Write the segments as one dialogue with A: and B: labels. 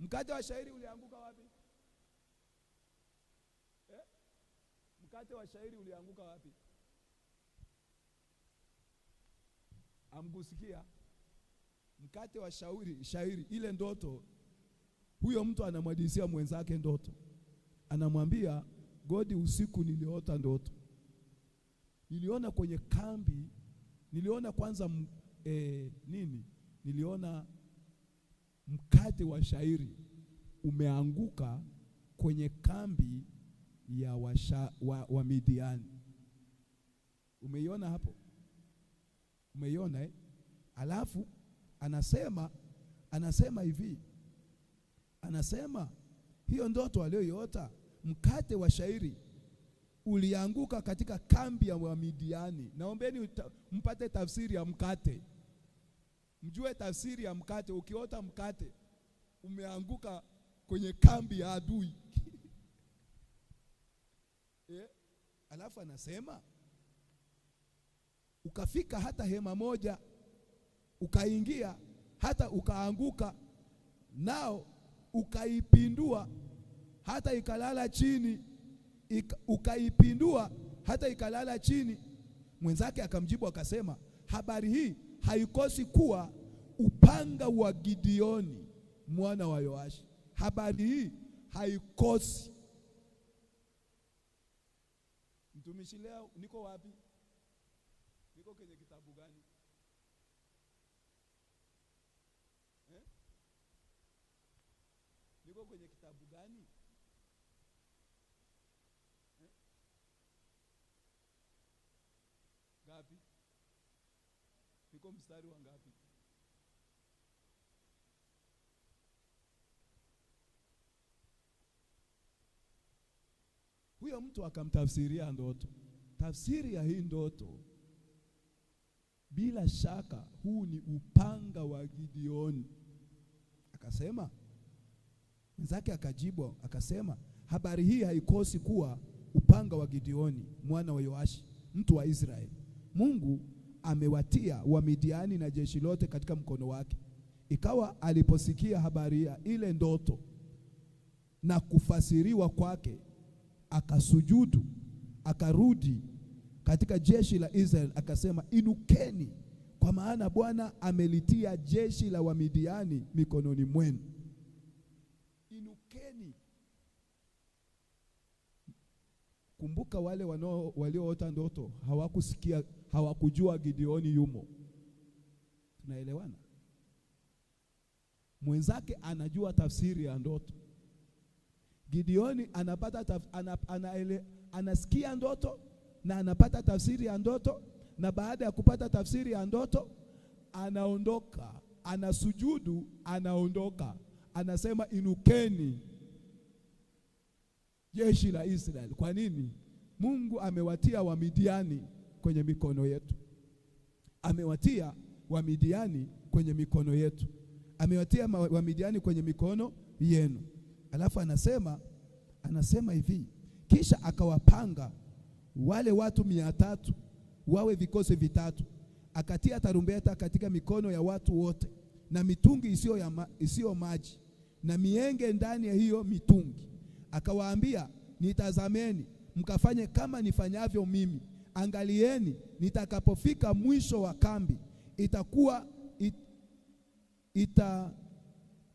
A: Mkate wa shairi ulianguka wapi eh? Mkate wa shairi ulianguka wapi? Amkusikia? Mkate wa shauri shairi, ile ndoto, huyo mtu anamwadisia mwenzake ndoto, anamwambia Godi, usiku niliota ndoto, niliona kwenye kambi, niliona kwanza eh, nini, niliona mkate wa shairi umeanguka kwenye kambi ya washa, wa, wa Midiani. Umeiona hapo? Umeiona eh? Alafu anasema anasema hivi, anasema hiyo ndoto aliyoiota mkate wa shairi ulianguka katika kambi ya Wamidiani. Naombeni mpate tafsiri ya mkate Mjue tafsiri ya mkate. Ukiota mkate umeanguka kwenye kambi ya adui yeah. Alafu anasema ukafika hata hema moja ukaingia hata ukaanguka nao ukaipindua hata ikalala chini ika, ukaipindua hata ikalala chini. Mwenzake akamjibu akasema, habari hii haikosi kuwa upanga wa Gideoni mwana wa Yoashi. Habari hii haikosi. Mtumishi, leo niko wapi? Niko kwenye kitabu gani? Eh? Niko kwenye kitabu gani? Eh? Gapi? uko mstari wa ngapi? Huyo mtu akamtafsiria ndoto. Tafsiri ya hii ndoto, bila shaka huu ni upanga wa Gideoni. Akasema mwenzake akajibu akasema, habari hii haikosi kuwa upanga wa Gideoni mwana wa Yoashi, mtu wa Israeli. Mungu amewatia Wamidiani na jeshi lote katika mkono wake. Ikawa aliposikia habari ya ile ndoto na kufasiriwa kwake, akasujudu akarudi katika jeshi la Israeli akasema, inukeni, kwa maana Bwana amelitia jeshi la Wamidiani mikononi mwenu. Kumbuka wale wanao walioota ndoto hawakusikia, hawakujua Gideoni yumo. Tunaelewana? Mwenzake anajua tafsiri ya ndoto. Gideoni anapata taf, anap, anaele, anasikia ndoto na anapata tafsiri ya ndoto, na baada ya kupata tafsiri ya ndoto anaondoka, anasujudu, anaondoka, anasema inukeni jeshi la Israeli. Kwa nini? Mungu amewatia Wamidiani kwenye mikono yetu, amewatia Wamidiani kwenye mikono yetu, amewatia Wamidiani kwenye mikono yenu. Alafu anasema anasema hivi, kisha akawapanga wale watu mia tatu wawe vikosi vitatu, akatia tarumbeta katika mikono ya watu wote na mitungi isiyo ma, isiyo maji na mienge ndani ya hiyo mitungi akawaambia, nitazameni mkafanye kama nifanyavyo mimi. Angalieni, nitakapofika mwisho wa kambi itakuwa it, ita,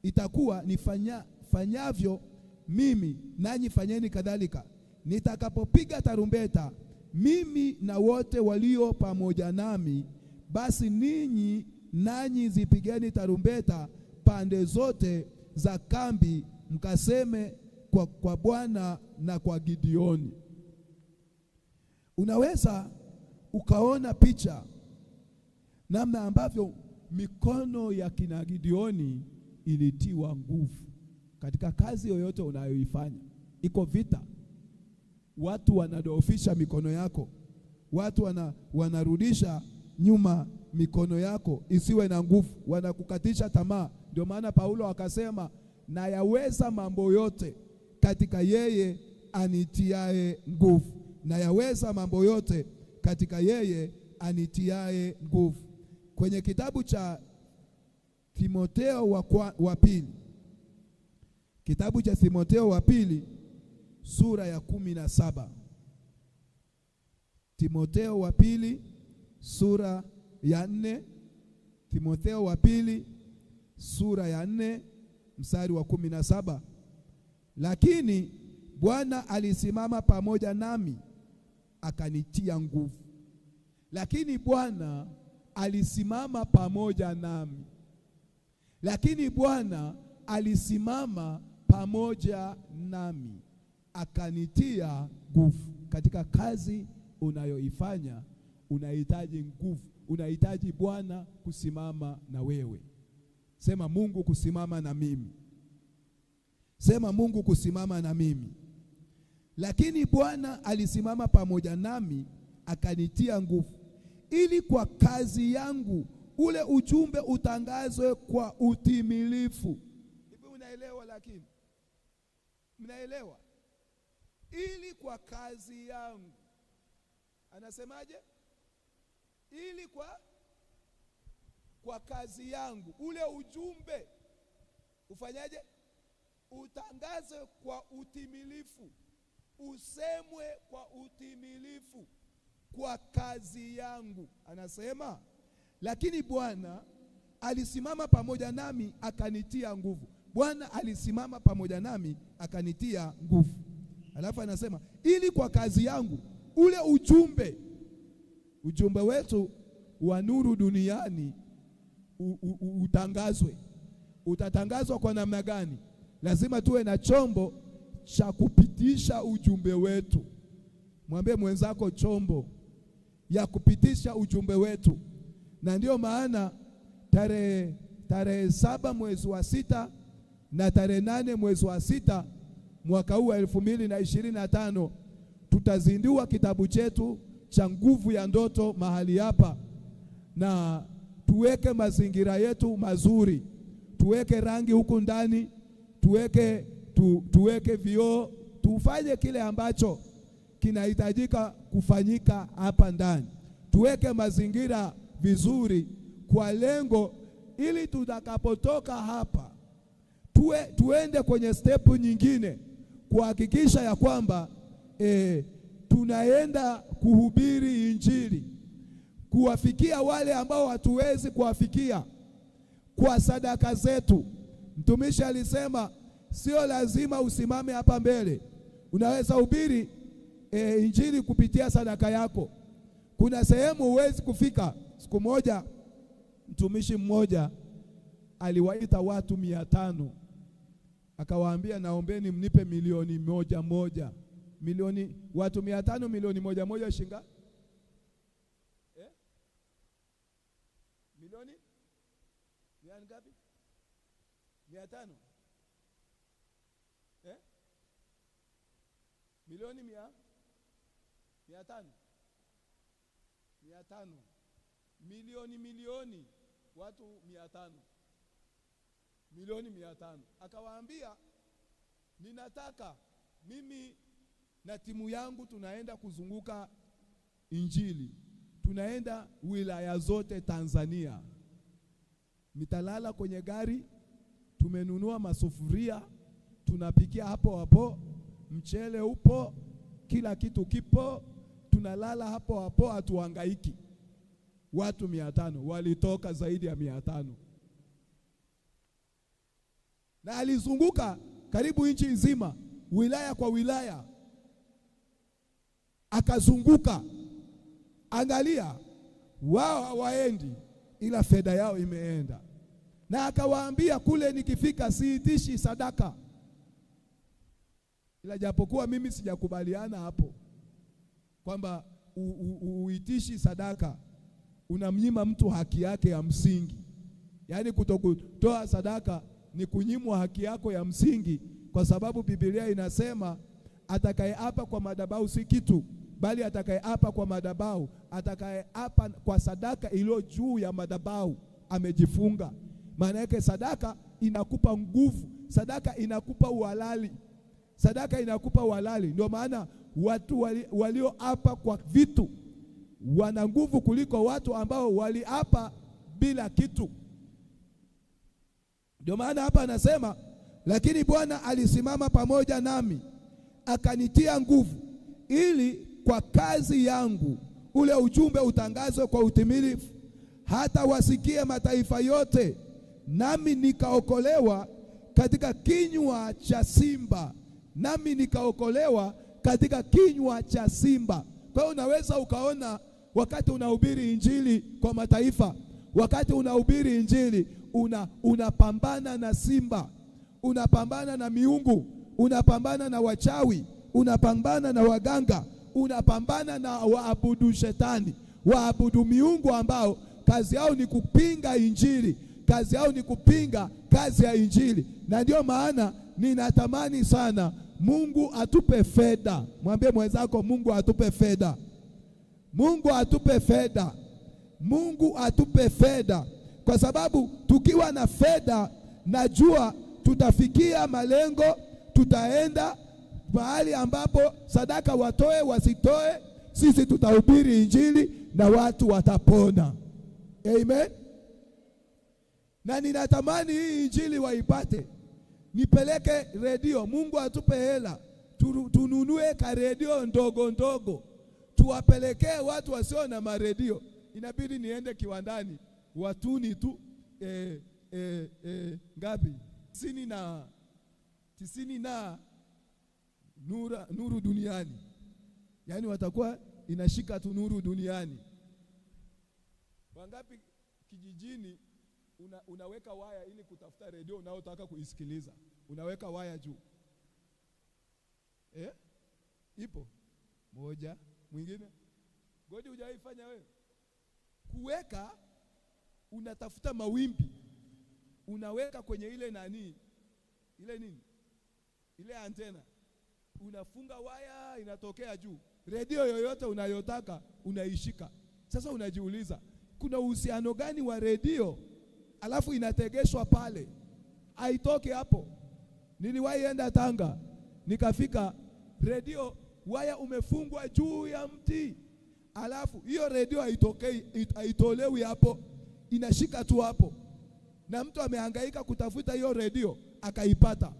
A: itakuwa nifanya, fanyavyo mimi, nanyi fanyeni kadhalika. Nitakapopiga tarumbeta mimi na wote walio pamoja nami, basi ninyi nanyi zipigeni tarumbeta pande zote za kambi, mkaseme kwa, kwa Bwana na kwa Gideoni. Unaweza ukaona picha namna ambavyo mikono ya kina Gideoni ilitiwa nguvu katika kazi yoyote unayoifanya. Iko vita, watu wanadoofisha mikono yako, watu wana, wanarudisha nyuma mikono yako isiwe na nguvu, wanakukatisha tamaa. Ndio maana Paulo akasema, nayaweza mambo yote katika yeye anitiae nguvu. Na yaweza mambo yote katika yeye anitiae nguvu. Kwenye kitabu cha timoteo wa, kwa, wa pili kitabu cha timoteo wa pili sura ya kumi na saba timoteo wa pili sura ya nne timoteo wa pili sura ya nne mstari wa kumi na saba lakini Bwana alisimama pamoja nami akanitia nguvu. Lakini Bwana alisimama pamoja nami. Lakini Bwana alisimama pamoja nami akanitia nguvu. Katika kazi unayoifanya unahitaji nguvu, unahitaji Bwana kusimama na wewe. Sema Mungu kusimama na mimi. Sema Mungu kusimama na mimi. Lakini Bwana alisimama pamoja nami akanitia nguvu ili kwa kazi yangu ule ujumbe utangazwe kwa utimilifu. Hivi unaelewa? Lakini mnaelewa, ili kwa kazi yangu anasemaje? Ili kwa kwa kazi yangu ule ujumbe ufanyaje? utangaze kwa utimilifu, usemwe kwa utimilifu kwa kazi yangu. Anasema, lakini Bwana alisimama pamoja nami akanitia nguvu. Bwana alisimama pamoja nami akanitia nguvu. Alafu anasema ili kwa kazi yangu, ule ujumbe, ujumbe wetu wa nuru duniani u, u, utangazwe. Utatangazwa kwa namna gani? lazima tuwe na chombo cha kupitisha ujumbe wetu. Mwambie mwenzako chombo ya kupitisha ujumbe wetu. Na ndiyo maana tarehe tarehe saba mwezi wa sita na tarehe nane mwezi wa sita mwaka huu wa elfu mbili na ishirini na tano tutazindua kitabu chetu cha Nguvu ya Ndoto mahali hapa, na tuweke mazingira yetu mazuri, tuweke rangi huku ndani tuweke, tu, tuweke vioo tufanye kile ambacho kinahitajika kufanyika hapa ndani, tuweke mazingira vizuri kwa lengo ili tutakapotoka hapa tuwe, tuende kwenye stepu nyingine kuhakikisha ya kwamba e, tunaenda kuhubiri Injili kuwafikia wale ambao hatuwezi kuwafikia kwa sadaka zetu. Mtumishi alisema sio lazima usimame hapa mbele, unaweza hubiri e, injili kupitia sadaka yako. Kuna sehemu huwezi kufika. Siku moja mtumishi mmoja aliwaita watu mia tano akawaambia, naombeni mnipe milioni moja moja. Milioni watu mia tano, milioni moja moja shinga eh? milioni ngapi? mia tano eh? milioni mia mia tano mia tano milioni milioni watu mia tano milioni mia tano akawaambia ninataka mimi na timu yangu tunaenda kuzunguka Injili, tunaenda wilaya zote Tanzania. Nitalala kwenye gari Tumenunua masufuria tunapikia hapo hapo, mchele upo, kila kitu kipo, tunalala hapo hapo, hatuhangaiki. Watu mia tano walitoka zaidi ya mia tano na alizunguka karibu nchi nzima, wilaya kwa wilaya akazunguka. Angalia, wao hawaendi, ila fedha yao imeenda na akawaambia kule nikifika siitishi sadaka, ila japokuwa mimi sijakubaliana hapo kwamba uitishi sadaka unamnyima mtu haki yake ya msingi, yaani kutokutoa sadaka ni kunyimwa haki yako ya msingi, kwa sababu Biblia inasema atakayeapa kwa madhabahu si kitu, bali atakayeapa kwa madhabahu, atakayeapa kwa sadaka iliyo juu ya madhabahu amejifunga. Maana yake sadaka inakupa nguvu, sadaka inakupa uhalali, sadaka inakupa uhalali. Ndio maana watu walioapa kwa vitu wana nguvu kuliko watu ambao waliapa bila kitu. Ndio maana hapa anasema, lakini Bwana alisimama pamoja nami akanitia nguvu, ili kwa kazi yangu ule ujumbe utangazwe kwa utimilifu, hata wasikie mataifa yote nami nikaokolewa katika kinywa cha simba, nami nikaokolewa katika kinywa cha simba. Kwa hiyo unaweza ukaona wakati unahubiri injili kwa mataifa, wakati unahubiri injili una unapambana na simba, unapambana na miungu, unapambana na wachawi, unapambana na waganga, unapambana na waabudu shetani, waabudu miungu ambao kazi yao ni kupinga injili kazi yao ni kupinga kazi ya Injili, na ndio maana ninatamani sana Mungu atupe fedha. Mwambie mwenzako, Mungu atupe fedha, Mungu atupe fedha, Mungu atupe fedha, kwa sababu tukiwa na fedha, najua tutafikia malengo, tutaenda mahali ambapo sadaka watoe wasitoe, sisi tutahubiri Injili na watu watapona. Amen na ninatamani hii injili waipate, nipeleke redio. Mungu atupe hela tununue ka redio ndogo ndogo, tuwapelekee watu wasio na maredio. Inabidi niende kiwandani watuni tu eh, eh, eh, ngapi tisini na tisini na nura, nuru duniani, yaani watakuwa inashika tu nuru duniani wangapi kijijini una, unaweka waya ili kutafuta redio unayotaka kuisikiliza, unaweka waya juu eh? Ipo moja mwingine godi, hujaifanya wewe kuweka, unatafuta mawimbi, unaweka kwenye ile nani, ile nini, ile antena, unafunga waya, inatokea juu. Redio yoyote unayotaka unaishika. Sasa unajiuliza kuna uhusiano gani wa redio alafu inategeshwa pale, aitoke hapo. Niliwahi enda Tanga, nikafika redio waya umefungwa juu ya mti, alafu hiyo redio haitokei, haitolewi hapo, inashika tu hapo, na mtu amehangaika kutafuta hiyo redio akaipata.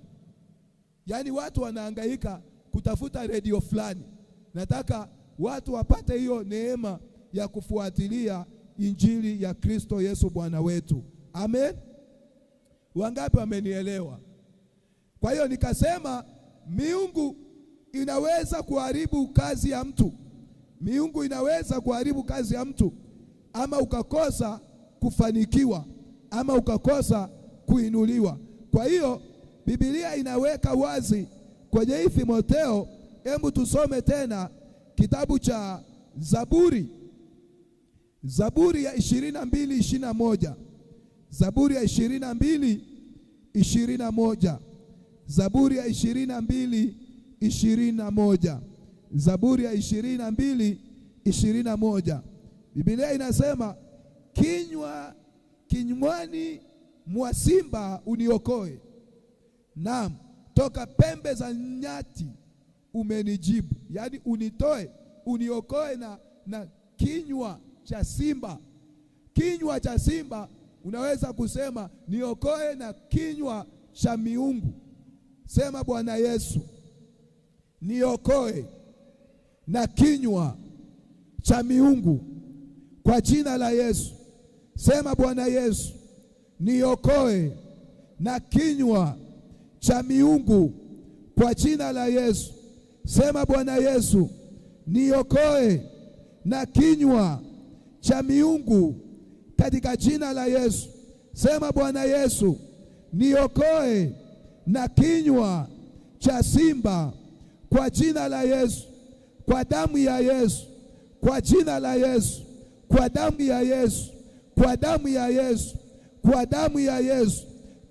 A: Yaani watu wanahangaika kutafuta redio fulani. Nataka watu wapate hiyo neema ya kufuatilia injili ya Kristo Yesu Bwana wetu. Amen, wangapi wamenielewa? Kwa hiyo nikasema miungu inaweza kuharibu kazi ya mtu, miungu inaweza kuharibu kazi ya mtu, ama ukakosa kufanikiwa, ama ukakosa kuinuliwa. Kwa hiyo Biblia inaweka wazi kwenye hii Timotheo, hebu tusome tena kitabu cha Zaburi, Zaburi ya ishirini na mbili ishirini na moja. Zaburi ya ishirini na mbili ishirini na moja Zaburi ya ishirini na mbili ishirini na moja Zaburi ya ishirini na mbili ishirini na moja Biblia inasema kinywa kinywani mwa simba uniokoe, naam toka pembe za nyati umenijibu. Yaani unitoe uniokoe na, na kinywa cha simba, kinywa cha simba unaweza kusema niokoe na kinywa cha miungu. Sema Bwana Yesu, niokoe na kinywa cha miungu kwa jina la Yesu. Sema Bwana Yesu, niokoe na kinywa cha miungu kwa jina la Yesu. Sema Bwana Yesu, niokoe na kinywa cha miungu katika jina la Yesu. Sema, Bwana Yesu, niokoe na kinywa cha simba kwa jina la Yesu, kwa damu ya Yesu, kwa jina la Yesu, kwa damu ya Yesu, kwa damu ya Yesu, kwa damu ya Yesu,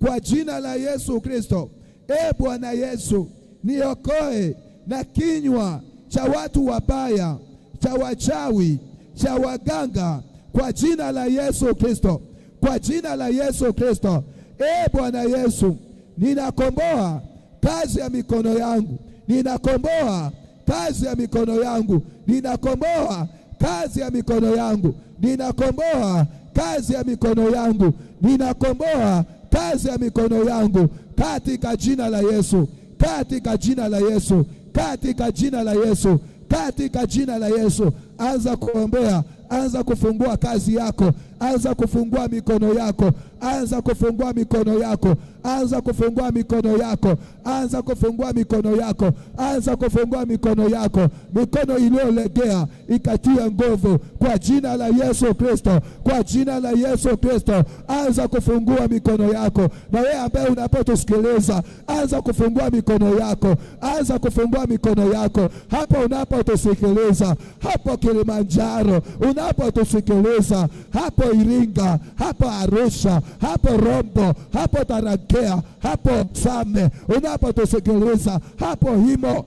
A: kwa jina la Yesu Kristo. E Bwana Yesu, niokoe na kinywa cha watu wabaya, cha wachawi, cha waganga kwa jina la Yesu Kristo, kwa jina la Yesu Kristo. E Bwana Yesu, ninakomboa kazi ya mikono yangu, ninakomboa kazi ya mikono yangu, ninakomboa kazi ya mikono yangu, ninakomboa kazi ya mikono yangu, ninakomboa kazi ya mikono yangu katika jina la Yesu, katika jina la Yesu, katika jina la Yesu, katika jina la Yesu. Anza kuombea anza kufungua kazi yako. Anza kufungua mikono yako, anza kufungua mikono yako, anza kufungua mikono yako, anza kufungua mikono yako, anza kufungua mikono yako, mikono iliyolegea ikatia nguvu kwa jina la Yesu Kristo, kwa jina la Yesu Kristo. Anza kufungua mikono yako, na wewe ambaye unapotusikiliza, anza kufungua mikono yako, anza kufungua mikono yako hapo unapotusikiliza, hapo Kilimanjaro unapotusikiliza, hapo Iringa, hapo Arusha, hapo Rombo, hapo Tarakea, hapo Same, unapotusekeleza hapo Himo,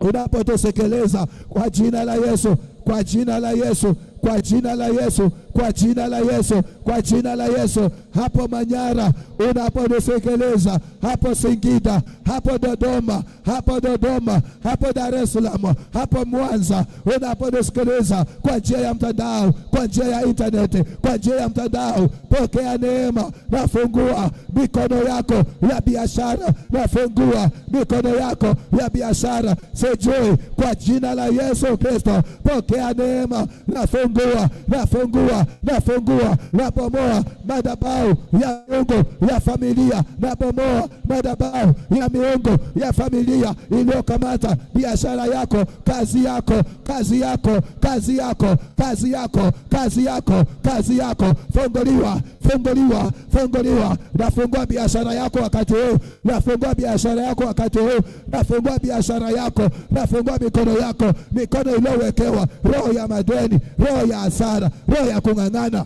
A: unapotusekeleza kwa jina la Yesu, kwa jina la Yesu kwa jina la Yesu, kwa jina la Yesu, kwa jina la Yesu. Hapo Manyara unaponisikiliza, hapo Singida, hapo Dodoma, hapo Dodoma, hapo Dar es Salaam, hapo Mwanza unaponisikiliza kwa njia ya mtandao, kwa njia ya intaneti, kwa njia ya mtandao, pokea neema. Nafungua mikono yako ya biashara, nafungua mikono yako ya biashara, sijui, kwa jina la Yesu Kristo, pokea neema, nafungua nafungua nafungua nafungua nabomoa madhabahu ya miungu ya familia, nabomoa madhabahu ya miungu ya familia iliyokamata biashara yako, kazi yako, kazi yako, kazi yako, kazi yako, kazi yako, kazi yako, funguliwa nafunguliwa, funguliwa. nafungua biashara yako wakati huu, nafungua biashara yako wakati huu, nafungua biashara yako, nafungua mikono yako, mikono iliyowekewa roho ya madeni, roho ya hasara, roho ya kung'ang'ana.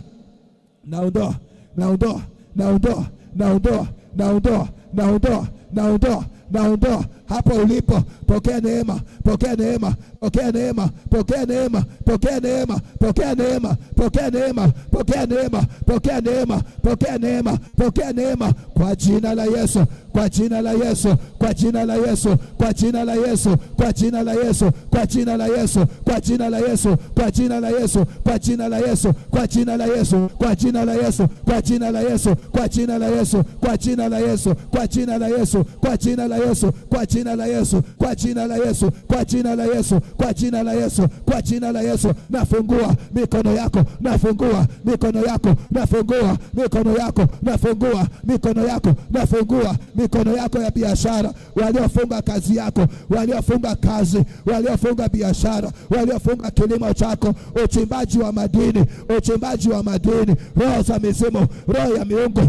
A: Naondoa, naondoa, naondoa, naondoa, naondoa, naondoa, naondoa, naondoa hapo ulipo, pokea neema, pokea neema, pokea neema, pokea neema, pokea neema, pokea neema, pokea neema, pokea neema, pokea neema, pokea neema, pokea neema kwa jina la Yesu, kwa jina la Yesu, kwa jina la Yesu, kwa jina la Yesu, kwa jina la Yesu, kwa jina la Yesu, kwa jina la Yesu, kwa jina la Yesu, kwa jina la Yesu, kwa jina la Yesu, kwa jina la Yesu, kwa jina la Yesu, kwa jina la Yesu, kwa jina la Yesu, kwa jina la Yesu, kwa jina la Yesu, kwa jina la Yesu, kwa jina la Yesu, kwa jina la Yesu, kwa jina la Yesu, kwa jina la Yesu. Nafungua mikono yako, nafungua mikono yako, nafungua mikono yako, nafungua mikono yako, nafungua mikono yako ya biashara. Waliofunga kazi yako, waliofunga kazi, waliofunga biashara, waliofunga kilimo chako, uchimbaji wa madini, uchimbaji wa madini, roho za mizimu, roho ya miungu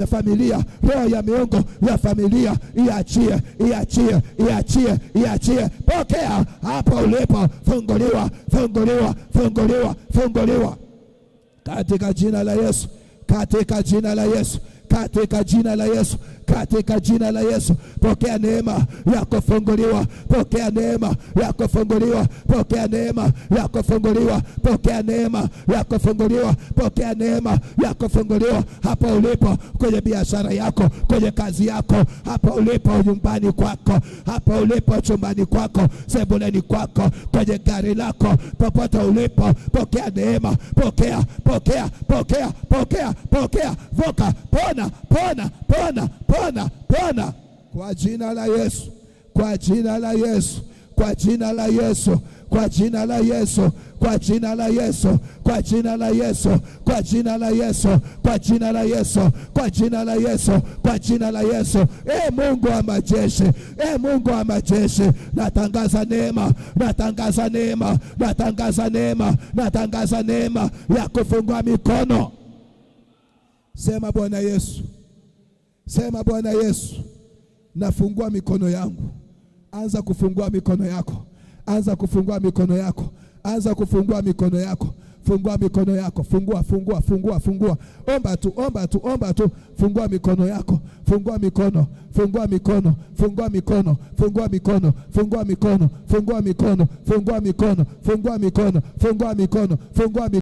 A: ya familia, roho ya miungu ya familia, iachie, iachie Iachie, iachie, iachie. Pokea hapo ulipo, funguliwa, funguliwa, funguliwa, funguliwa katika jina la Yesu, katika jina la Yesu, katika jina la Yesu katika jina la Yesu. Pokea neema ya kufunguliwa, pokea neema ya kufunguliwa, pokea neema ya kufunguliwa, pokea neema ya kufunguliwa, pokea neema ya kufunguliwa hapo ulipo, kwenye biashara yako, kwenye kazi yako, hapo ulipo nyumbani kwako, hapo ulipo chumbani kwako, sebuleni kwako, kwenye gari lako, popote ulipo, pokea neema, pokea, pokea, pokea, pokea, pokea, voka, pona, pona, pona pona, pona kwa jina la Yesu, kwa jina la Yesu, kwa jina la Yesu, kwa jina la Yesu, kwa jina la Yesu, kwa jina la Yesu, kwa jina la Yesu, kwa jina la Yesu, kwa jina la Yesu, kwa jina la Yesu. E Mungu wa majeshi, e Mungu wa majeshi, natangaza neema, natangaza neema, natangaza neema, natangaza neema ya kufungua mikono. Sema Bwana Yesu Sema, Bwana Yesu, nafungua mikono yangu. Anza kufungua mikono yako, anza kufungua mikono yako, anza kufungua mikono yako. Fungua mikono yako, fungua, fungua, fungua, fungua. Omba tu, omba tu, omba tu. Fungua mikono yako, fungua mikono, fungua mikono, fungua mikono, fungua mikono, fungua mikono, fungua mikono, fungua mikono, fungua mikono, fungua mikono, fungua mikono.